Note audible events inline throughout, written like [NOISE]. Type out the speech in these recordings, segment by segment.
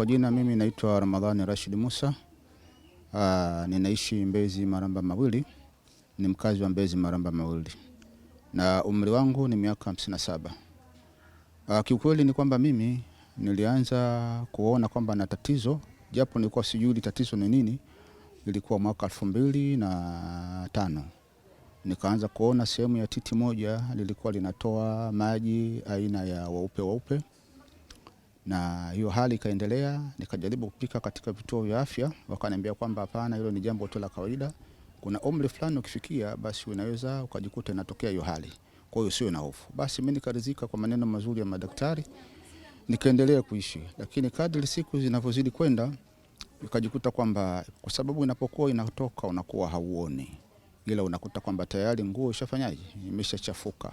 Kwa jina mimi naitwa Ramadhani Rashid Musa. Aa, ah, ninaishi Mbezi Maramba Mawili, ni mkazi wa Mbezi Maramba Mawili na umri wangu ni miaka hamsini na saba. Ah, kiukweli ni kwamba mimi nilianza kuona kwamba na tatizo japo nilikuwa sijui tatizo ni nini, ilikuwa mwaka elfu mbili na tano nikaanza kuona sehemu ya titi moja lilikuwa linatoa maji aina ya weupe weupe na hiyo hali ikaendelea, nikajaribu kupika katika vituo vya afya, wakaniambia kwamba hapana, hilo ni jambo tu la kawaida. Kuna umri fulani ukifikia, basi unaweza ukajikuta inatokea hiyo hali, kwa hiyo sio na hofu. Basi mimi nikaridhika kwa maneno mazuri ya madaktari, nikaendelea kuishi. Lakini kadri siku zinavyozidi kwenda, nikajikuta kwamba kwa sababu inapokuwa inatoka unakuwa hauoni, ila unakuta kwamba tayari nguo ishafanyaje, imeshachafuka.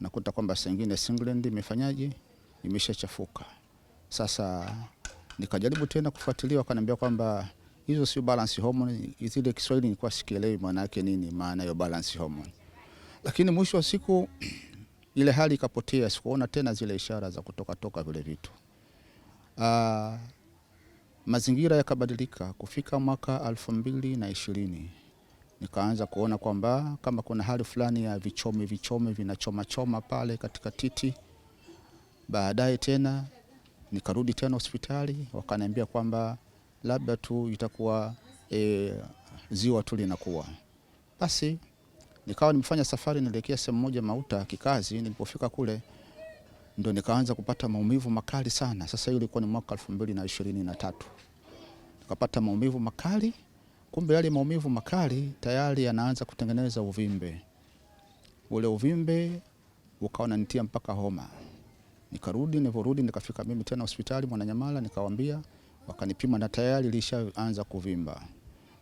Unakuta kwamba sengine singlendi imefanyaje, imeshachafuka. Sasa nikajaribu tena kufuatilia, wakaniambia kwamba hizo sio balance hormone. Zile Kiswahili nilikuwa sikielewi maana yake nini, maana hiyo balance hormone. Lakini mwisho wa siku [CLEARS THROAT] ile hali ikapotea, sikuona tena zile ishara za kutoka toka vile vitu. Aa, ah, mazingira yakabadilika. Kufika mwaka elfu mbili na ishirini nikaanza kuona kwamba kama kuna hali fulani ya vichome vinachoma vinachomachoma pale katika titi, baadaye tena Nikarudi tena hospitali, wakaniambia kwamba labda tu itakuwa e, ziwa tu linakuwa. Basi nikawa nimefanya safari nielekea sehemu moja Mauta kikazi. Nilipofika kule ndo nikaanza kupata maumivu makali sana. Sasa hiyo ilikuwa ni mwaka elfu mbili na ishirini na tatu. Nikapata maumivu makali, kumbe yale maumivu makali tayari yanaanza kutengeneza uvimbe. Ule uvimbe ukawa unanitia mpaka homa. Nikarudi, nilivyorudi nikafika mimi tena hospitali Mwananyamala, nikawaambia, wakanipima na tayari ilishaanza kuvimba.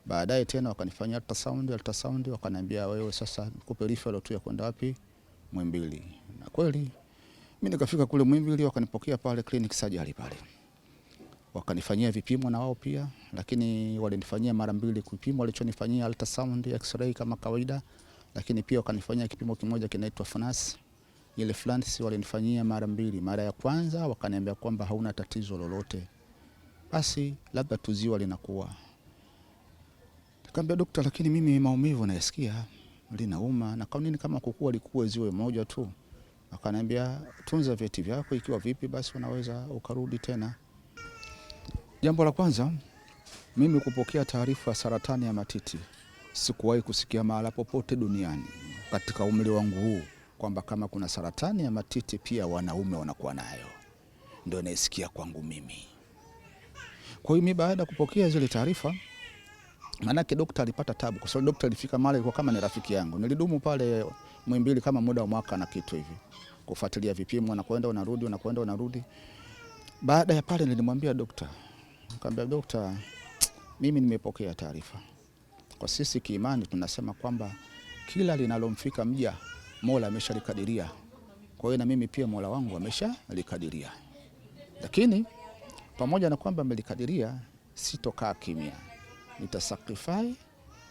Baadaye tena wakanifanyia ultrasound, ultrasound wakaniambia, wewe sasa nikupe referral tu ya kwenda wapi Mwimbili. Na kweli mimi nikafika kule Mwimbili, wakanipokea pale clinic surgery pale, wakanifanyia vipimo na wao pia, lakini walinifanyia mara mbili kupimo, walichonifanyia ultrasound, x-ray kama kawaida, lakini pia wakanifanyia kipimo kimoja kinaitwa FNAS ile Flans walinifanyia mara mbili. Mara ya kwanza wakaniambia kwamba hauna tatizo lolote, basi labda tuziwa linakuwa. Nikamwambia daktari, lakini mimi maumivu nayasikia, linauma na kwa nini kama kukua likuwe ziwe moja tu. Akaniambia tunza vyeti vyako, ikiwa vipi basi unaweza ukarudi tena. Jambo la kwanza mimi kupokea taarifa ya saratani ya matiti sikuwahi kusikia mahala popote duniani katika umri wangu huu kwamba kama kuna saratani ya matiti pia wanaume wanakuwa nayo, ndio naisikia kwangu mimi. Kwa hiyo mimi baada ya kupokea zile taarifa, maanake dokta alipata tabu, kwa sababu dokta alifika mahali alikuwa kama ni rafiki yangu. Nilidumu pale Mwimbili kama muda wa mwaka na kitu hivi kufuatilia vipimo, unakwenda unarudi, unakwenda unarudi. Baada ya pale nilimwambia dokta, nikamwambia dokta, mimi nimepokea taarifa. Kwa sisi kiimani tunasema kwamba kila linalomfika mja Mola ameshalikadiria. Kwa hiyo na mimi pia Mola wangu ameshalikadiria, lakini pamoja na kwamba amelikadiria, sitokaa kimya, nitasakrifai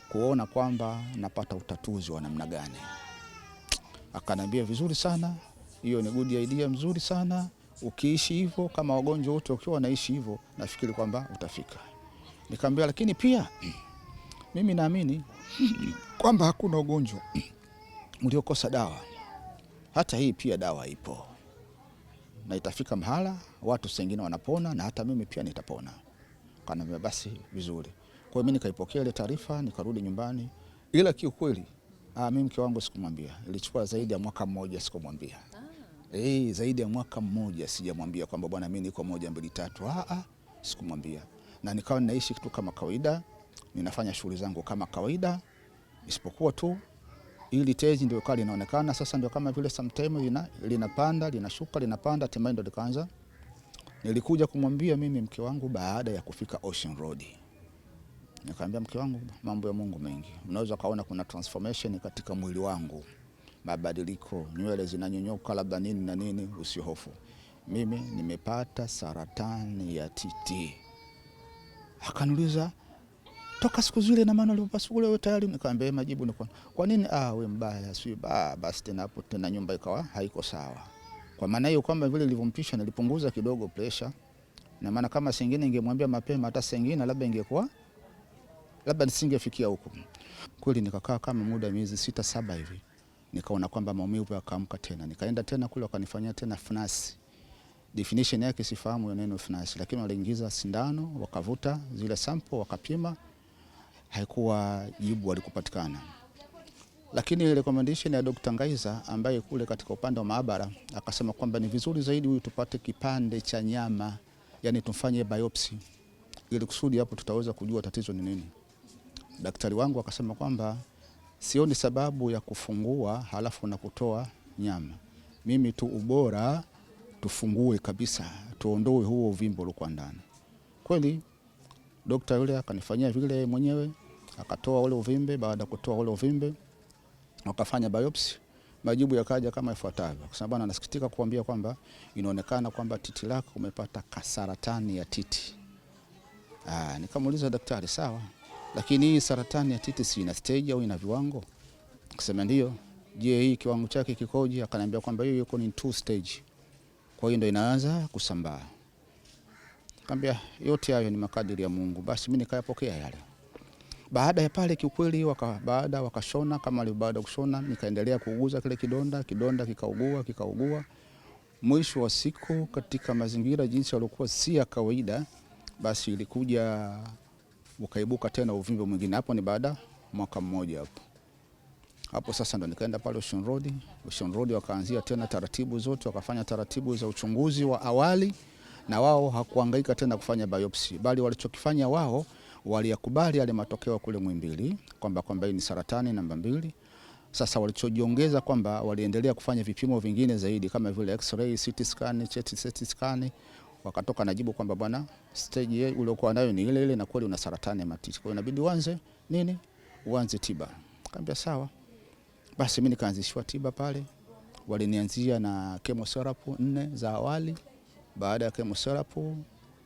kuona kwamba napata utatuzi wa namna gani. Akanambia vizuri sana, hiyo ni good idea, mzuri sana ukiishi hivyo, kama wagonjwa wote ukiwa wanaishi hivyo, nafikiri kwamba utafika. Nikamwambia, lakini pia [CLEARS THROAT] mimi naamini [CLEARS THROAT] kwamba hakuna ugonjwa mliokosa dawa, hata hii pia dawa ipo na itafika mahala watu wengine wanapona na hata mimi pia nitapona. Kanaambia basi vizuri. Kwa hiyo mimi nikaipokea ile taarifa nikarudi nyumbani, ila kiukweli ah, mimi mke wangu sikumwambia. Ilichukua zaidi ya mwaka mmoja sikumwambia. Ah. Eh, zaidi ya mwaka mmoja sijamwambia kwamba bwana, mimi niko moja mbili tatu. Ah ah, sikumwambia. Na nikawa ninaishi kitu kama kawaida, ninafanya shughuli zangu kama kawaida isipokuwa tu ili tezi ndio kali linaonekana sasa, ndio kama vile sometime lina, linapanda linashuka linapanda, hatimaye ndio likaanza. Nilikuja kumwambia mimi mke wangu baada ya kufika Ocean Road, nikamwambia mke wangu, mambo ya Mungu mengi, mnaweza kaona kuna transformation katika mwili wangu, mabadiliko, nywele zinanyonyoka, labda nini na nini. Usihofu, mimi nimepata saratani ya titi. Akaniuliza toka siku zile na maana ulipopasuka ule tayari. Nikamwambia eh, majibu ni kwa nini? Ah, wewe mbaya, sio si basi tena. Hapo tena nyumba ikawa haiko sawa, kwa maana hiyo kwamba vile nilivyompisha nilipunguza kidogo pressure, na maana kama singine ningemwambia mapema, hata singine labda ingekuwa labda nisingefikia huko. Kweli nikakaa kama muda miezi sita saba hivi, nikaona kwamba maumivu yakaamka tena, nikaenda tena kule wakanifanyia tena fnasi definition yake sifahamu ya neno fnasi, lakini waliingiza sindano wakavuta zile sample wakapima haikuwa jibu walikupatikana. Lakini recommendation ya Dr. Ngaiza ambaye kule katika upande wa maabara akasema kwamba ni vizuri zaidi huyu tupate kipande cha nyama, yani tumfanye biopsy ili kusudi hapo tutaweza kujua tatizo ni nini. Daktari wangu akasema kwamba sioni sababu ya kufungua halafu na kutoa nyama, mimi tu ubora tufungue kabisa, tuondoe huo uvimbo uliokuwa ndani. Kweli daktari yule akanifanyia vile mwenyewe akatoa ule uvimbe. Baada ya kutoa ule uvimbe, wakafanya biopsy, majibu yakaja kama ifuatavyo, akasema bwana, nasikitika kuambia kwamba inaonekana kwamba titi lako umepata kasaratani ya titi. Ah, nikamuuliza daktari, sawa, lakini hii saratani ya titi si ina stage au ina viwango? Akasema ndio. Je, hii kiwango chake kikoje? Akaniambia kwamba hiyo yuko ni two stage, kwa hiyo ndio inaanza kusambaa. Akaniambia yote hayo ni makadiri ya Mungu, basi mimi nikayapokea yale. Baada ya pale kiukweli, waka, baada wakashona kama baada kushona, nikaendelea kuuguza kile kidonda, kidonda kikaugua kikaugua. Mwisho wa siku, katika mazingira jinsi yaliokuwa si ya kawaida, basi ilikuja ukaibuka tena uvimbe mwingine. Hapo ni baada mwaka mmoja hapo hapo sasa ndo nikaenda pale Ocean Road. Ocean Road wakaanzia tena taratibu zote, wakafanya taratibu za uchunguzi wa awali, na wao hakuhangaika tena kufanya biopsy, bali walichokifanya wao waliyakubali yale matokeo kule Muhimbili kwamba kwamba hii ni saratani namba mbili. Sasa walichojiongeza kwamba waliendelea kufanya vipimo vingine zaidi kama vile x-ray, CT scan, chest CT scan wakatoka na jibu kwamba bwana, stage uliokuwa nayo ni ile ile na kweli una saratani ya matiti. Kwa hiyo inabidi uanze nini? Uanze tiba. Kaambia sawa. Basi mimi nikaanzishwa tiba pale. Walinianzia na chemotherapy nne za awali. Baada ya chemotherapy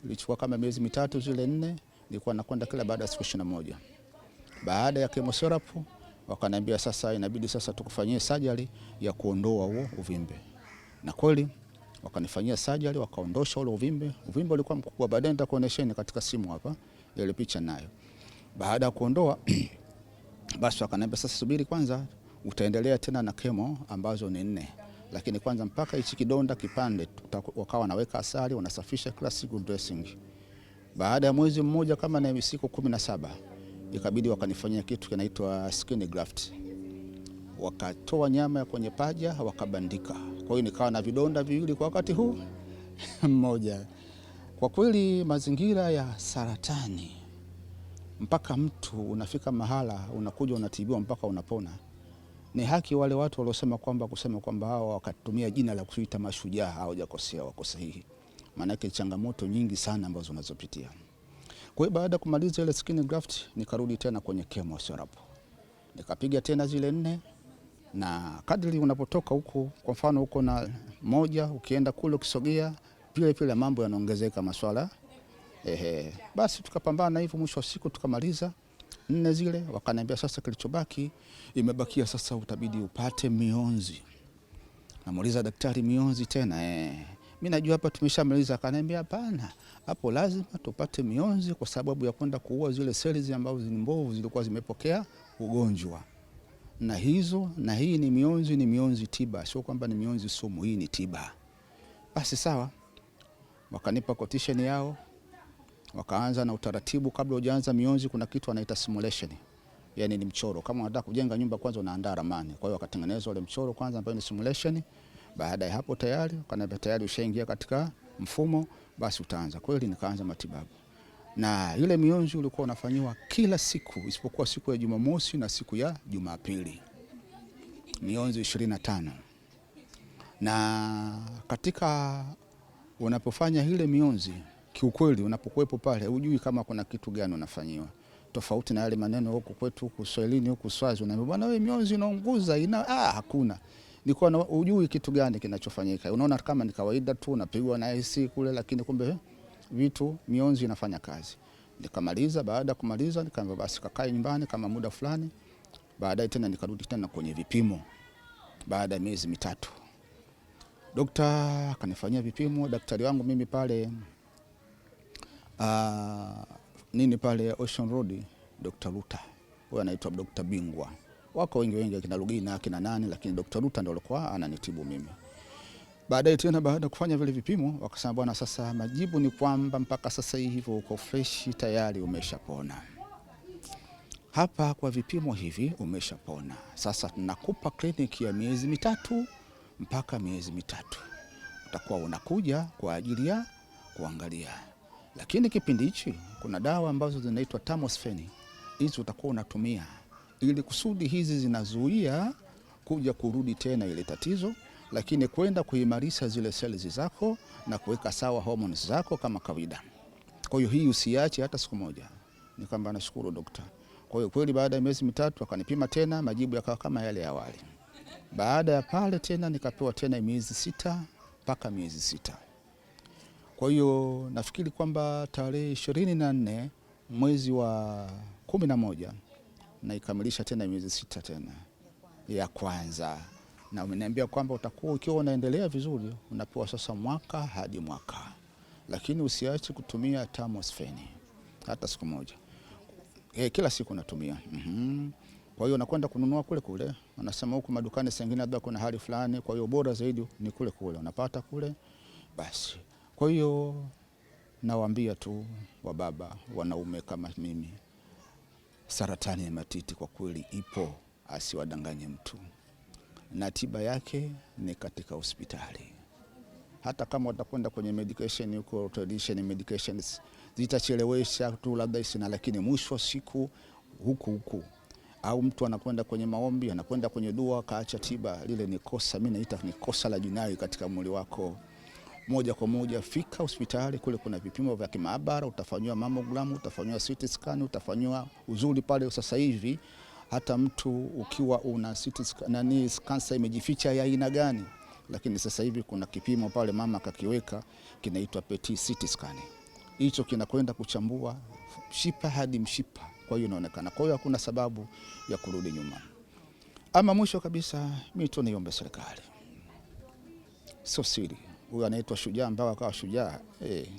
ilichukua kama miezi mitatu zile nne nilikuwa nakwenda kila baada ya siku ishirini moja. Baada ya kemotherapi wakaniambia sasa inabidi sasa tukufanyie sajari ya kuondoa huo uvimbe, na kweli wakanifanyia sajari wakaondosha ule uvimbe. Uvimbe ulikuwa mkubwa, baadaye nitakuonesheni katika simu hapa ile picha nayo. Baada ya kuondoa [CLEARS THROAT] basi wakaniambia sasa subiri kwanza, utaendelea tena na kemo ambazo ni nne, lakini kwanza mpaka hichi kidonda kipande. Wakawa wanaweka asali, wanasafisha kila siku dressing baada ya mwezi mmoja kama na siku kumi na saba ikabidi wakanifanyia kitu kinaitwa skin graft, wakatoa nyama ya kwenye paja wakabandika. Kwa hiyo nikawa na vidonda viwili kwa wakati huu [LAUGHS] mmoja. Kwa kweli mazingira ya saratani, mpaka mtu unafika mahala unakuja unatibiwa mpaka unapona, ni haki wale watu waliosema kwamba kusema kwamba hao wakatumia jina la kuita mashujaa hawajakosea, wako sahihi maanake changamoto nyingi sana ambazo unazopitia. Kwa hiyo baada ya kumaliza ile skin graft nikarudi tena kwenye chemotherapy. Nikapiga tena zile nne na kadri unapotoka huko, kwa mfano huko na moja ukienda kule ukisogea vile vile mambo yanaongezeka maswala. Ehe, basi tukapambana hivyo, mwisho wa siku tukamaliza nne zile, wakaniambia sasa kilichobaki imebakia sasa utabidi upate mionzi. Namuuliza daktari, mionzi tena eh? mimi najua hapa tumeshamaliza. Akaniambia hapana, hapo lazima tupate mionzi kwa sababu ya kwenda kuua zile seli ambazo ni mbovu zilikuwa zimepokea ugonjwa na hizo na hii ni mionzi, ni mionzi tiba, sio kwamba ni mionzi sumu, hii ni tiba. Basi sawa, wakanipa quotation yao, wakaanza na utaratibu. Kabla hujaanza mionzi, kuna kitu anaita simulation, yani ni mchoro. Kama unataka kujenga nyumba, kwanza unaandaa ramani. Kwa hiyo wakatengeneza ule mchoro kwanza, ambayo ni simulation baada ya hapo tayari wakaniambia tayari ushaingia katika mfumo, basi utaanza. Kweli nikaanza matibabu, na ile mionzi ulikuwa unafanyiwa kila siku isipokuwa siku ya Jumamosi na siku ya Jumapili, mionzi 25 na katika unapofanya ile mionzi kiukweli, unapokuwepo pale ujui kama kuna kitu gani unafanyiwa, tofauti na yale maneno huku kwetu huku Swahilini huku Swazi, unaambia bwana, wewe mionzi unaunguza ina ah, hakuna nilikuwa na ujui kitu gani kinachofanyika. Unaona kama ni kawaida tu napigwa na AC kule, lakini kumbe eh, vitu mionzi inafanya kazi. Nikamaliza, baada ya kumaliza nikaambia basi kakae nyumbani kama muda fulani. Baadaye tena nikarudi tena kwenye vipimo baada ya miezi mitatu. Dokta akanifanyia vipimo, daktari wangu mimi pale uh, nini pale Ocean Road, Dr. Ruta. Huyo anaitwa Dr. Bingwa wako wengi wengi, akina Lugina akina nani, lakini Dr. Ruta ndo alikuwa ananitibu mimi. Baadaye tena baada ya kufanya vile vipimo wakasema, bwana, sasa majibu ni kwamba mpaka sasa hivi uko fresh tayari, umeshapona hapa kwa vipimo hivi, umeshapona. Sasa tunakupa kliniki ya miezi mitatu mpaka miezi mitatu, utakuwa unakuja kwa ajili ya kuangalia, lakini kipindi hichi kuna dawa ambazo zinaitwa tamoxifeni, hizi utakuwa unatumia ili kusudi hizi zinazuia kuja kurudi tena ile tatizo, lakini kwenda kuimarisha zile cells zako na kuweka sawa hormones zako kama kawaida. Kwa hiyo hii usiache hata siku moja. Ni kwamba nashukuru dokta. Kwa hiyo kweli baada ya miezi mitatu akanipima tena, majibu yakawa kama yale ya awali. Baada ya pale tena nikapewa tena miezi sita mpaka miezi sita. Kwa hiyo nafikiri kwamba tarehe ishirini na nne mwezi wa kumi na moja naikamilisha tena miezi sita tena ya kwanza, na umeniambia kwamba utakuwa ukiwa unaendelea vizuri unapewa sasa mwaka hadi mwaka, lakini usiache kutumia tamoxifeni hata siku moja. E, kila siku natumia mm-hmm. Kwa hiyo unakwenda kununua kule kule, wanasema huku madukani sengine labda kuna hali fulani, kwa hiyo bora zaidi ni kule kule unapata kule basi. Kwa hiyo nawaambia tu wababa wanaume kama mimi Saratani ya matiti kwa kweli ipo, asiwadanganye mtu, na tiba yake ni katika hospitali. Hata kama watakwenda kwenye medication huko, traditional medications zitachelewesha tu labda isina, lakini mwisho wa siku huku huku. Au mtu anakwenda kwenye maombi, anakwenda kwenye dua, kaacha tiba, lile ni kosa. Mimi naita ni kosa la jinai katika mwili wako moja kwa moja, fika hospitali kule, kuna vipimo vya kimaabara, utafanyiwa mammogram, utafanyiwa CT scan, utafanyiwa uzuri pale. Sasa hivi hata mtu ukiwa una CT scan, nani kansa imejificha ya aina gani, lakini sasa hivi kuna kipimo pale mama akakiweka, kinaitwa PET CT scan. Hicho kinakwenda kuchambua mshipa hadi mshipa, kwa hiyo inaonekana. Kwa hiyo hakuna sababu ya kurudi nyuma. Ama mwisho kabisa, mimi tu niombe serikali, sio siri huyu anaitwa Shujaa mpaka akawa shujaa eh,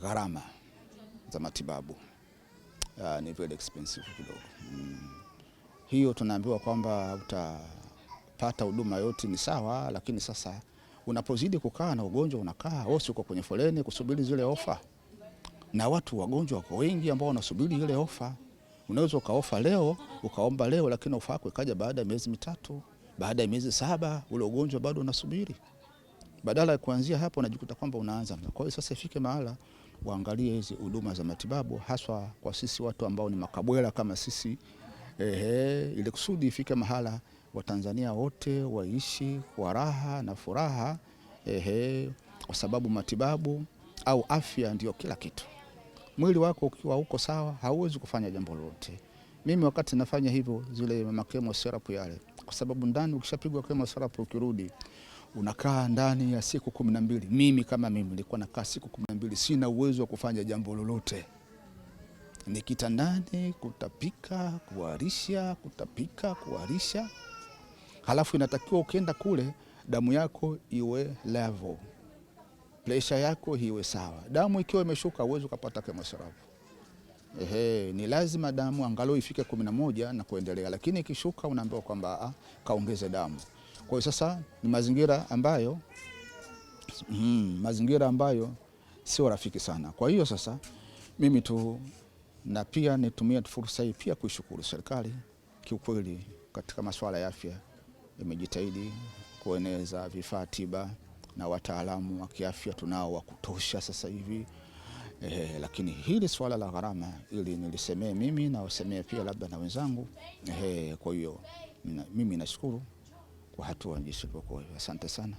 gharama za matibabu uh, ni very expensive kidogo mm. Hiyo tunaambiwa kwamba utapata huduma yote ni sawa, lakini sasa unapozidi kukaa na ugonjwa unakaa wosi, uko kwenye foleni kusubiri zile ofa, na watu wagonjwa wako wengi ambao wanasubiri ile ofa. Unaweza ukaofa leo ukaomba leo, lakini ofa yako ikaja baada ya miezi mitatu, baada ya miezi saba, ule ugonjwa bado unasubiri badala ya kuanzia hapo unajikuta kwamba unaanza. Kwa hiyo sasa ifike mahala waangalie hizi huduma za matibabu haswa kwa sisi watu ambao ni makabwela kama sisi ehe, ili kusudi ifike mahala Watanzania wote waishi kwa raha na furaha ehe, kwa sababu matibabu au afya ndiyo kila kitu. Mwili wako ukiwa uko sawa hauwezi kufanya jambo lolote. Mimi wakati nafanya hivyo zile makemo serapu yale, kwa sababu ndani ukishapigwa kemo serapu ukirudi unakaa ndani ya siku kumi na mbili. Mimi kama mimi nilikuwa nakaa siku kumi na mbili, sina uwezo wa kufanya jambo lolote, nikita kitandani, kutapika, kuharisha, kutapika, kuharisha. Halafu inatakiwa ukienda kule damu yako iwe level, presha yako iwe sawa. Damu ikiwa imeshuka uwezo ukapata kemotherapi. Ehe, ni lazima damu angalau ifike kumi na moja na kuendelea, lakini ikishuka unaambiwa kwamba ah, kaongeze damu. Kwa hiyo sasa ni mazingira ambayo mm, mazingira ambayo sio rafiki sana. Kwa hiyo sasa mimi tu na pia nitumie fursa hii pia kuishukuru serikali kiukweli, katika masuala ya afya imejitahidi kueneza vifaa tiba na wataalamu wa kiafya tunao wa kutosha sasa hivi. Eh, lakini hili swala la gharama ili nilisemee mimi na wasemee pia labda na wenzangu eh, kwa hiyo mimi nashukuru kwa hatua jinsi ilivyokuwa. Asante sana.